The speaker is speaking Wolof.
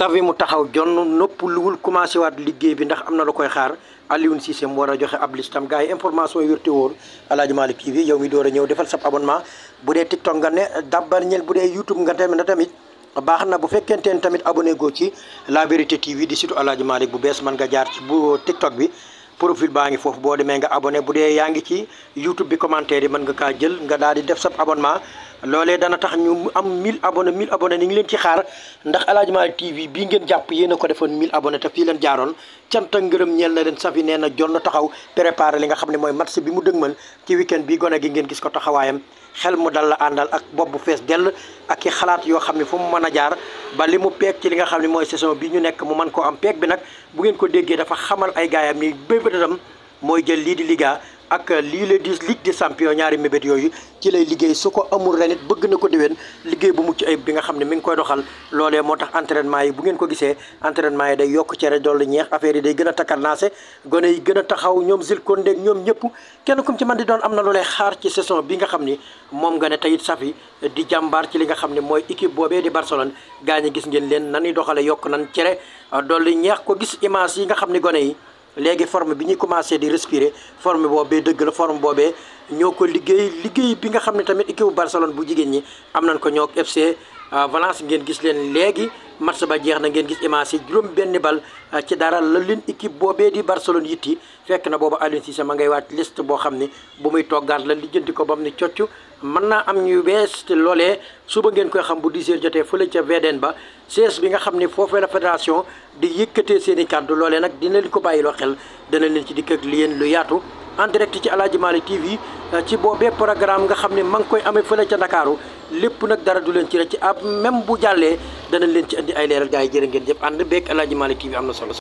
savi mu taxaw jonn nopp luwul commencé waat liggéey bi ndax am na lu koy xaar Alioune Cissé mu war a joxe ablistam listam yi information yi wérte wóor Aladji Malick TV yow mi door a ñëw defal sab abonnement bu dee TikTok nga ne dabbar ñel bu dee YouTube nga tamit na tamit baax na bu fekkente ne tamit abonné goo ci La Vérité TV di surtout Aladji Malick bu bees mën nga jaar ci bu TikTok bi profil baa ngi foofu boo demee nga abone bu dee yaa ngi ci YouTube bi commentaire yi mën nga kaa jël nga daal di def sab abonnement loolee dana tax ñu mu am 1000 abonnés 1000 abonnés ni ngi leen ci xaar ndax Aladji Malick TV bii ngeen jàpp yéen ko defoon mil abonnés te fii leen jaaroon cant ak ngërëm ñeel na leen safi nee na jon na taxaw préparé li nga xam ne mooy match bi mu dëgmal ci week-end bi gone gi ngeen gis ko taxawaayam xel mu dal la àndal ak bopp bu fees dell ak i xalaat yoo xam ne fu mu mën a jaar ba li mu peek ci li nga xam ne mooy saison bi ñu nekk mu mën koo am peeg bi nag bu ngeen ko déggee dafa xamal ay gaayam ni béybatam mooy jël lii di ak lii la di Ligue des ñaari mébét yooyu ci lay liggéey su ko amul ren bëgg na ko déwén liggéey bu mucc ayib bi nga xam ne mi ngi koy doxal loole moo tax entraînement yi bu ngeen ko gisee entraînement yi day yokk cere dolli ñeex affaire yi day gën a takkarnaase gone yi gën a taxaw ñoom zilkondeeg ñoom ñëpp kenn kum ci man di am na lu xaar ci saison bi nga xam ni moom nga ne teyit safi di jàmbaar ci li nga xam ne mooy équipe boobee di Barcelone gaa ñi gis ngeen leen nanuy doxale yokk nan cere dolli ñeex ko gis image yi nga xam ni gone yi léegi forme bi ñuy commencé di respirer forme boobee dëgg la form boobee ñoo ko liggéey liggéey bi nga xam ne tamit équipe Barcelone bu jigéen ñi am nañ ko ñoo FC ah, Valence ngeen gis leen léegi match ba jeex na ngeen gis image yi juróom benn bal ah, ci dara la leen équipe boobee di Barcelone yitti fekk na booba Aliou Cissé ma ngay waaj liste boo xam ni bu muy toggaat la lijjanti ko ba mu ne cocc mën naa am ñu wees te loolee su ba ngeen koy xam bu 10h jotee fële ca VDN ba siège bi nga xam ne foofee la fédération di yëkkatee seen i kàddu loolee nag dina li ko bàyyiloo xel dana leen ci di ak li yéen lu yaatu en direct ci Aladji mal TV euh, ci boobee programme nga xam ne ma ngi koy amee fële ca Ndakaaru lépp nag dara du leen ci rek ci ab même bu jàllee danañ leen ci indi ay leeral gars yi jërë ngeen jëf ànd beeg Aladji Malick TV am na solo.